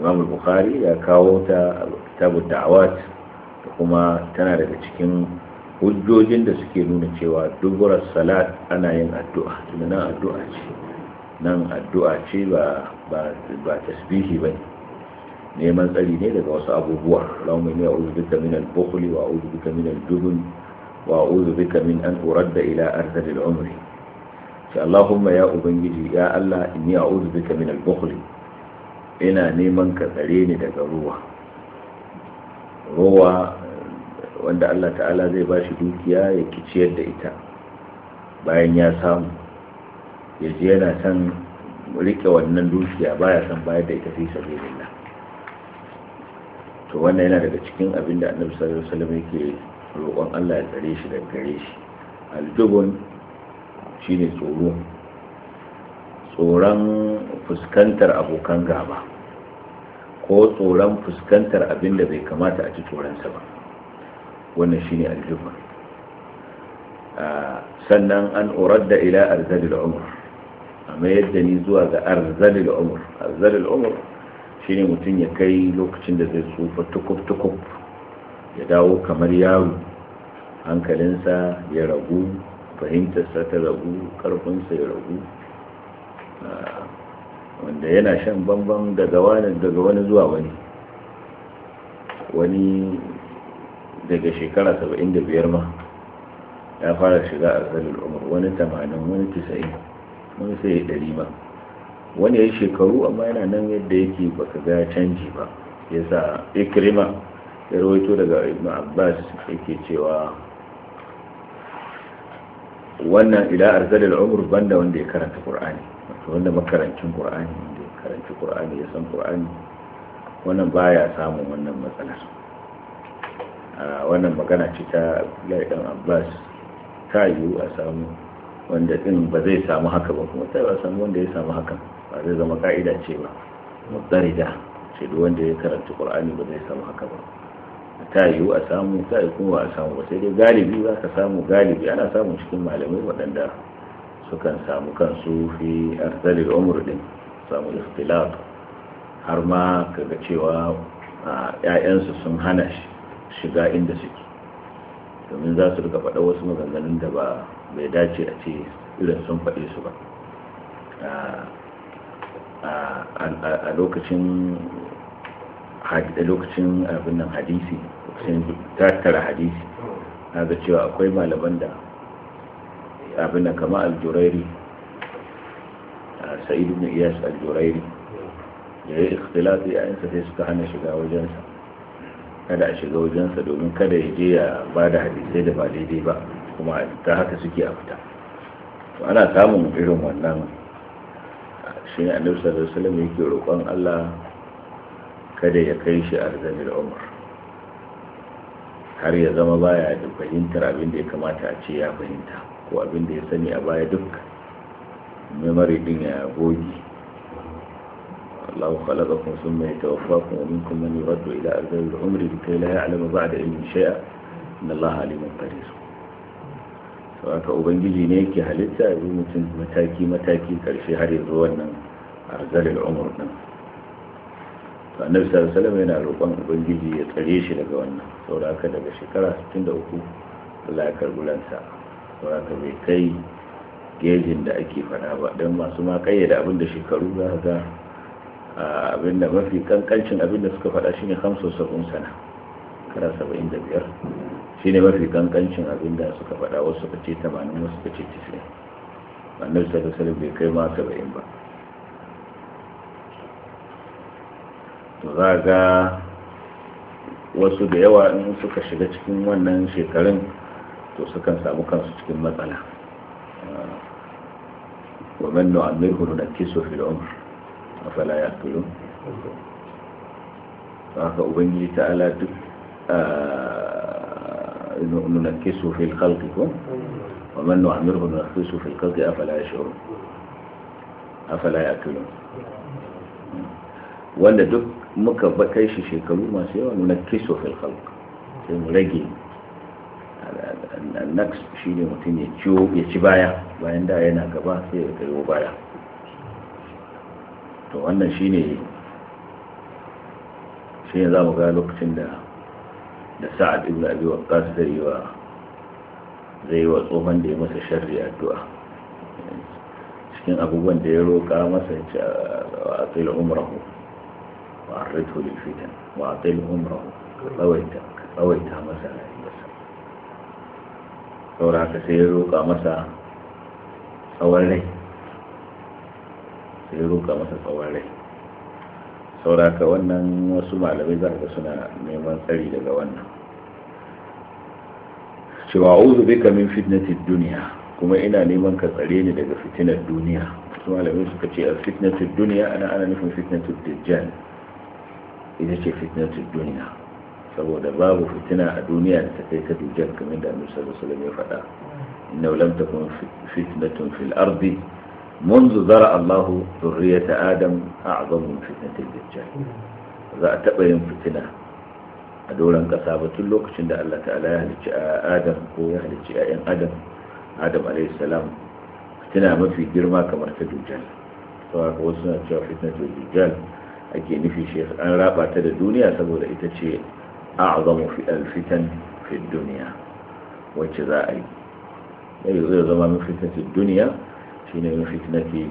imam bukhari ya kawo ta kitabud da'awat da kuma tana daga cikin hujjojin da suke nuna cewa duburar salat ana yin addu'a tunda nan addu'a ce nan addu'a ce ba ba tasbihi ba neman tsari ne daga wasu abubuwa Allahumma inni a'udhu bika min al-bukhli wa a'udhu bika min al-jubn wa a'udhu bika min an uradda ila ardh al-umri sai Allahumma ya ubangiji ya Allah inni a'udhu bika min al-bukhli ina neman ka tsare ni daga ruwa ruwa wanda Allah ta'ala zai ba shi dukiya ya kiciyar da ita bayan ya samu ya ji yana son rike wannan dukiya baya san bayar da ita fi sabilillah to wannan yana daga cikin abin da Annabi sallallahu alaihi wasallam yake roƙon Allah ya tsare shi daga gare shi aljubun shine tsoro tsoron fuskantar abokan gaba ko tsoron fuskantar abin da bai kamata a ci tsoronsa ba wannan shine aljuba sannan an uradda ila arzalil umr a mayar ni zuwa ga arzalil umr arzalil umr shine mutum ya kai lokacin da zai tsufa tukuf-tukuf ya dawo kamar yaro hankalinsa ya ragu fahimtarsa ta ragu karfinsa ya ragu da yana shan bambam daga wani daga wani zuwa wani wani daga shekara 75 ma ya fara shiga a zalil umar wani 80 wani 90 wani sai ya ɗari ma wani ya yi shekaru amma yana nan yadda yake ba ka ga canji ba ya sa ikirima ya rawaito daga ibn abbas yake cewa wannan ila arzalil umar banda wanda ya karanta qur'ani wanda makarancin ƙur'ani da karanci ƙur'ani ya san ƙur'ani wannan ba ya samun wannan matsalar wannan magana ce ta Abdullahi dan Abbas ta yiwu a samu wanda din ba zai samu haka ba kuma sai ba samu wanda ya samu haka ba zai zama ka'ida ce ba da ce duk wanda ya karanta ƙur'ani ba zai samu haka ba ta yiwu a samu ta yi kuma a samu ba sai dai galibi za ka samu galibi ana samun cikin malamai waɗanda sukan samu kansu fi arzali, umur din samu har ma kaga cewa ‘ya'yansu sun hana shiga inda suke domin za su rika faɗa wasu maganganun da ba bai dace a ce irin sun faɗe su ba a lokacin lokacin abin nan hadisi sun tattara hadisi na ga cewa akwai malaman da abin da kama aljurairi sa'idu na su aljurairi da ya yi ikhtilafi a yansa sai suka hana shiga wajensa kada a shiga wajensa domin kada ya je ya ba da hadisai da ba daidai ba kuma ta haka suke a fita to ana samun irin wannan shi ne annabi sallallahu alaihi wasallam yake roƙon Allah kada ya kai shi da umar har ya zama baya da fahimtar abin da ya kamata a ce ya fahimta ko abin da ya sani a baya duk memory din ya goge kun sun الله wato ثم يتوفاكم da umri da إلى أرض alama ba da يعلم بعد علم شيئا إن الله عليم to saboda ubangiji ne yake halitta ya mutum mataki mataki karshe har ya zo wannan da umar din annabi sallallahu alaihi wasallam yana roƙon ubangiji ya tsare shi daga wannan sauraka daga shekara 63 Allah ya karbi lansa sauraka bai kai gejin da ake fada ba don masu ma kayyada abin da shekaru za ka ga abin da mafi kankancin abin da suka fada shine 75 sana kara 75 shine mafi kankancin abin da suka fada wasu ce 80 wasu ce 90 annabi sallallahu alaihi wasallam bai kai ma 70 ba to za ga wasu da yawa in suka shiga cikin wannan shekarun to sukan samu kansu cikin matsala ومن نعمره نكسه في العمر أفلا يعقلون haka ubangiji ala duk nunakkisu fil khalqi ko wa hudu na nunakkisu fil khalqi afala fala afala kulu. wanda duk muka ba kai shi shekaru masu yawa nuna kiso fil sai mu rage annax shine mutum ya ciwo ya ci baya bayan da yana gaba sai ya kaiwo baya to wannan shine ne za mu ga lokacin da da sa'ad ibn abi waqqas zai wa zai wa tsohon da ya masa sharri addu'a cikin abubuwan da ya roƙa masa a tsaye umrahu وعرضه للفتن وعطل عمره أويتك أويت همسا سورة سيرو كمسا صوالي سيرو كمسا صوالي سورة كوانا وسمع لبذر كسنا نيمان سري لكوانا سوى أعوذ بك من فتنة الدنيا كما إنا نيمان كسرين لك فتنة الدنيا سوى لبذر كتي الفتنة الدنيا أنا أنا نفهم فتنة الدجال ita ce fitnatul duniya saboda babu fitina a duniya da ta kai ta dujal kamar da annabi sallallahu alaihi wasallam ya faɗa inna lam takun fitnatun fil ardi منذ ذرع الله ذرية آدم أعظم من فتنة الدجال za a taba yin fitina a doron ƙasa ba tun lokacin da Allah ta'ala ya halicci Adam ko ya halicci ‘ya'yan Adam Adam alaihi salam fitina mafi girma kamar ta dujjal saboda wasu suna cewa fitnatul dujjal ake nufi shi an raba ta da duniya saboda ita ce a'zamu fi alfitan fi duniya wacce za a yi yayi zai zama min fitnatin duniya Shi shine min fitnati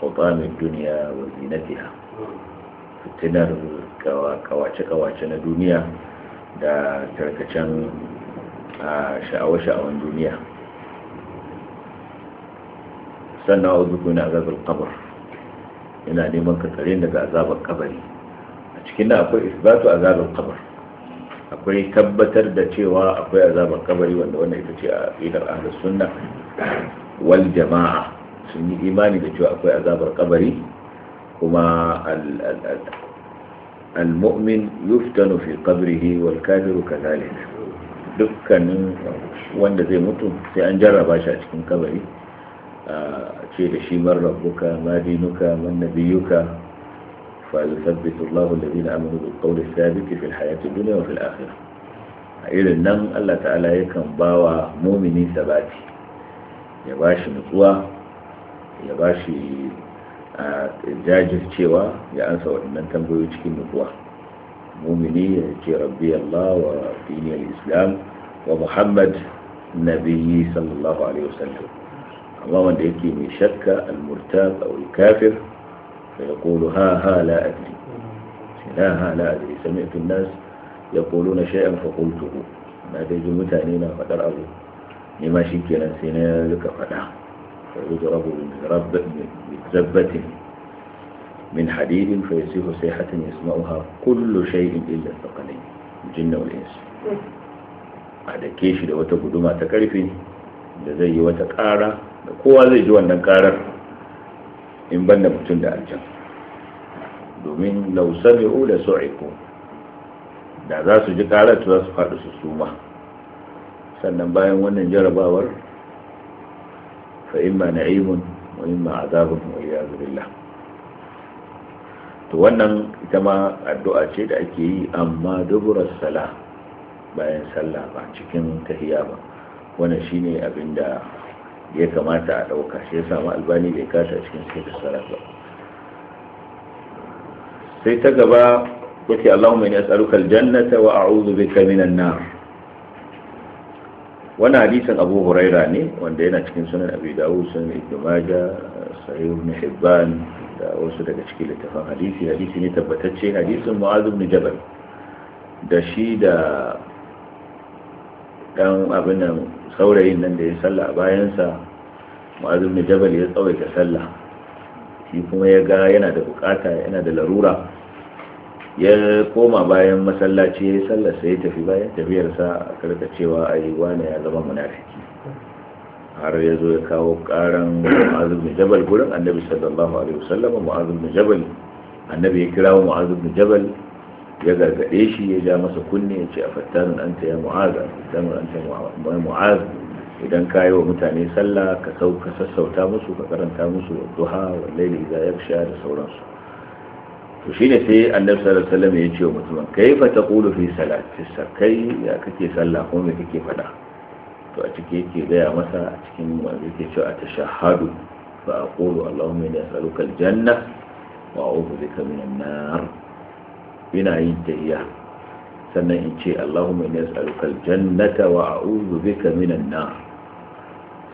hutamin duniya wa zinatiha fitinar kawace-kawace na duniya da tarkacen sha'awa-sha'awan duniya sannan a zukuna azabar kabar yana neman ka daga azabar kabari a cikin da akwai isbatu azabar kabar akwai tabbatar da cewa akwai azabar kabari wanda wannan ita ce a aqidar ahlus sunna wal jama'a sun yi imani da cewa akwai azabar kabari kuma al-mu'min yuftanu fi qabrihi wal kafir kadhalik dukkanin wanda zai mutu sai an jarraba shi a cikin kabari ce da shi man rabbuka ma dinuka man nabiyuka فيثبت الله الذين امنوا بالقول الثابت في الحياه الدنيا وفي الاخره irin nan Allah ta'ala yakan bawa mumini sabati ya bashi nutsuwa ya bashi jajircewa ya ansa waɗannan tambayoyi cikin nutsuwa mumini ya ce rabbi Allah wa dini al-islam wa Muhammad nabiyyi sallallahu alaihi wasallam أما وانده يكي من شك المرتاب أو الكافر فيقول ها ها لا أدري لا ها لا أدري سمعت الناس يقولون شيئا فقلته ما تجي متانينا فدر أبو لما شكنا سينا لك فدا فيضرب من رب من حديد فيسيح صيحة يسمعها كل شيء إلا الثقلين الجن والإنس بعد كيش لو تقدم تكلفني da zai yi wata ƙara da kowa zai ji wannan ƙarar in banda mutum da aljan domin lausami'u da aiko. da za su ji ƙarar za su faɗi su suma sannan bayan wannan jarabawar fa'imma na'imun muhimma imma azabun wa iyazu billah to wannan ita ma addu'a ce da ake yi amma dubura sala bayan sallah ba cikin tahiya ba wannan shine abin da ya kamata a ɗauka shi ya samu albani bai kasa cikin sai da ba sai ta gaba yace Allahumma inni as'aluka aljannata wa a'udhu bika minan nar wannan hadisin Abu Huraira ne wanda yana cikin sunan Abi Dawud sunan Ibn Majah sahih Ibn Hibban da wasu daga cikin littafin hadisi hadisi ne tabbatacce hadisin Mu'adh ibn Jabal da shi da dan abin nan saurayin nan da ya salla a bayansa ma'azin da jabal ya tsawaita salla. shi kuma ya ga yana da bukata yana da larura ya koma bayan masallaci ya salla sai ya tafi bayan tafiyarsa a karka cewa a yi wane ya zama munafiki har ya zo ya kawo karan ma'azin da jabal gurin annabi sallallahu alaihi wasallam ma'azin da jabal annabi ya kira ma'azin da jabal ya gargade shi ya ja masa kunne ya ce a fattanun an ta ya mu'aza an ta ya idan ka yi wa mutane sallah ka sauka sassauta musu ka karanta musu wa duha wa laili idza yaksha da sauransu to shine sai annabi sallallahu alaihi wasallam ya ce wa mutumin kaifa taqulu fi salati kai ya kake sallah ko me kake faɗa to a ciki yake gaya masa a cikin wanda yake cewa a tashahhadu fa aqulu allahumma inni as'aluka aljanna wa a'udhu bika minan nar ina yin tahiya sannan in ce Allahumma inni as'aluka aljannata wa a'udhu bika minan nar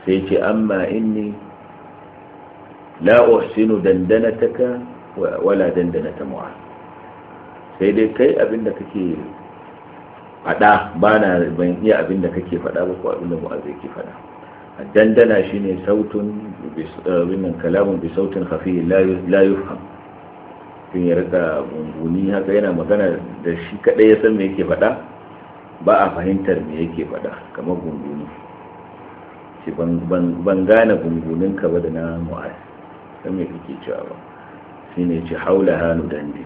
sai ce amma inni la uhsinu dandanataka wala dandanata mu'ad sai dai kai abinda kake fada, bana ban iya abin da kake faɗa ba ko abin da mu'azzi ke faɗa dandana shine sautun bin kalamun bi sautin khafi la yufham mutum ya rika gunguni haka yana magana da shi kadai ya san me yake faɗa ba a fahimtar me yake faɗa kamar gunguni ce ban gane gungunin ka ba da na mu'az san me kake cewa ba shi ne ce haula hannu dande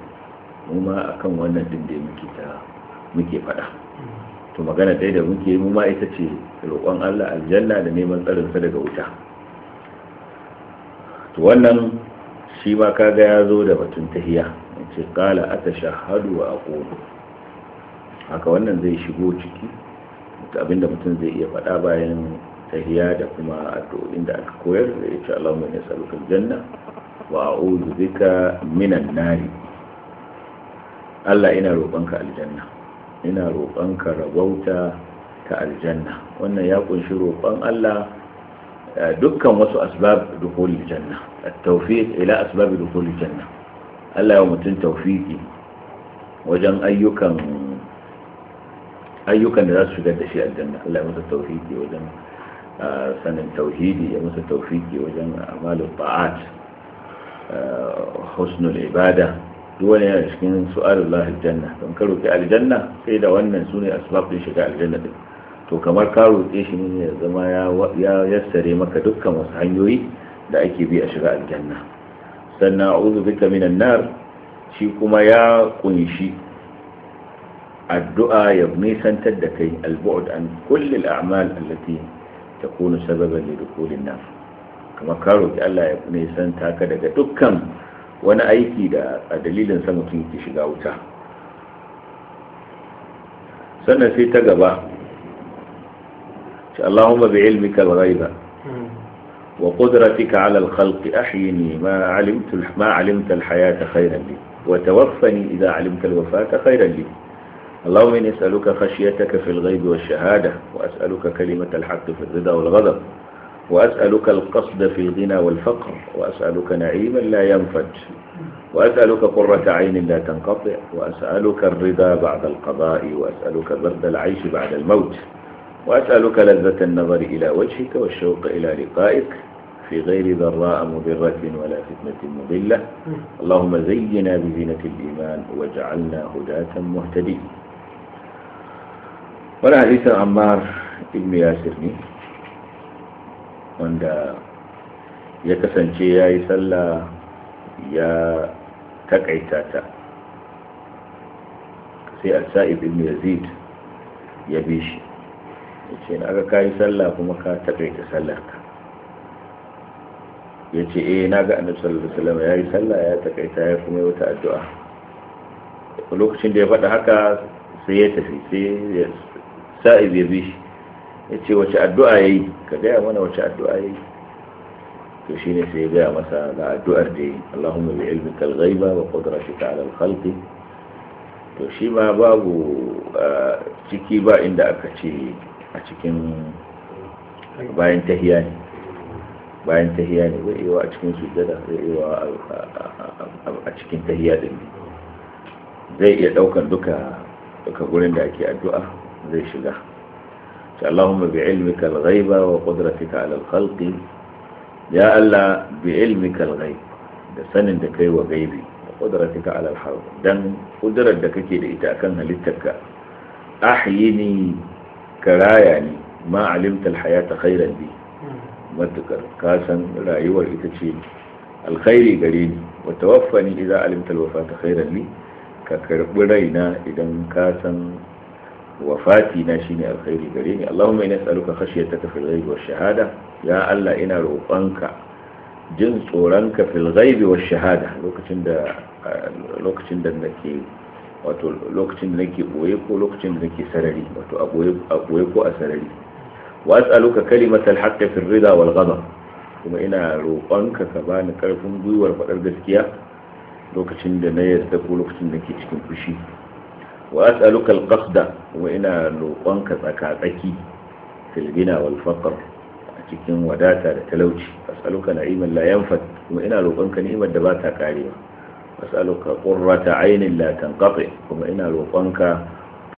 mu ma akan wannan dinde muke ta muke faɗa to magana dai da muke mu ma ita ce roƙon Allah aljanna da neman tsarinsa daga wuta to wannan shi ma kaga ya zo da batun tahiya ce kala a ta shahadu wa aƙoɗo haka wannan zai shigo ciki abinda mutum zai iya faɗa bayan tahiya da kuma addu'o'in da aka koyar da ya ce Allah mai nasarukan janna wa a'udhu bika minan nari Allah ina roƙonka aljanna ina roƙonka rabauta ta aljanna wannan ya kunshi roƙon Allah eh, dukkan wasu asbab dukhul janna التوفيق إلى أسباب دخول الجنة ألا يوم تن توفيقي وجن ايكم أيكا نراس في قد شيء الجنة ألا يوم تن توفيقي وجن آه، سن التوحيدي يوم تن توفيقي وجن أعمال الطاعات آه، حسن العبادة دولة يشكين سؤال الله الجنة تنكروا في الجنة سيدة وأن سنة أسباب لشكاء الجنة تو kamar قالوا ce shi ne ya zama ya yassare da ake bi a shiga aljanna sannan uzu bika minan nar shi kuma ya kunshi addu'a ya nisantar da kai al-bu'd an kulli al-a'mal allati takunu sababan li dukhulin nar kuma karo roki Allah ya nisanta ka daga dukkan wani aiki da a dalilin sa mutum ke shiga wuta sannan sai ta gaba Allahumma bi ilmika al-ghaiba hmm. وقدرتك على الخلق أحيني ما علمت ما علمت الحياة خيرا لي وتوفني إذا علمت الوفاة خيرا لي اللهم إني أسألك خشيتك في الغيب والشهادة وأسألك كلمة الحق في الرضا والغضب وأسألك القصد في الغنى والفقر وأسألك نعيما لا ينفج وأسألك قرة عين لا تنقطع وأسألك الرضا بعد القضاء وأسألك برد العيش بعد الموت وأسألك لذة النظر إلى وجهك والشوق إلى لقائك في غير ذراء مضرة ولا فتنة مضلة اللهم زينا بزينة الإيمان وجعلنا هداة مهتدين ولا حديث عمار ابن ياسر عند وندا يكسنشي يا يسلى يا تقعتاتا سي السائب ابن يزيد يبيش يقول أنا كاي سلا كما كاتبيت سلاك ya ce eh na ga annabi sallallahu alaihi wasallam ya sallah ya takaita ya kuma yi wata addu'a lokacin da ya faɗa haka sai ya tafi sai ya sa'i ya bi ya ce wace addu'a ya ka gaya mana wace addu'a ya to shine sai ya gaya masa da addu'ar da ya allahumma bi ilmi kalgaiba wa qudratika ala al khalqi to shi ma babu ciki ba inda aka ce a cikin bayan tahiya ne bayan tahiya ne zai iya a cikin sujjada zai iya a cikin tahiya din zai iya daukan duka duka gurin da ake addu'a zai shiga ta Allahumma bi ilmika al-ghaiba wa qudratika ala al-khalqi ya Allah bi ilmika al-ghaib da sanin da kai wa gaibi wa qudratika ala al-khalq dan kudrar da kake da ita akan halittarka ahyini karaya ni ma alimta al-hayata khairan bi matukar kasan rayuwar ita ce alkhairi gare ni wa tawaffani idza alimta alwafata khairan li ka karbi raina idan kasan wafati na shine alkhairi gare ni Allahumma inna nas'aluka khashyataka fil ghaibi wash shahada ya Allah ina roƙonka jin tsoronka fil shahada lokacin da nake wato lokacin da nake boye ko lokacin da nake sarari wato a boye ko a sarari وأسألك كلمة الحق في الرضا والغضب kuma ina roƙonka ka bani karfin gwiwar faɗar gaskiya lokacin da na yarda ko lokacin da ke cikin fushi wa as'aluka al-qasda wa ina roƙonka tsakatsaki, tsaki fil gina wal faqr a cikin wadata da talauci as'aluka na'iman la yanfat kuma ina roƙonka ni'imar da ba ta karewa as'aluka qurrata aynin la tanqati kuma ina roƙonka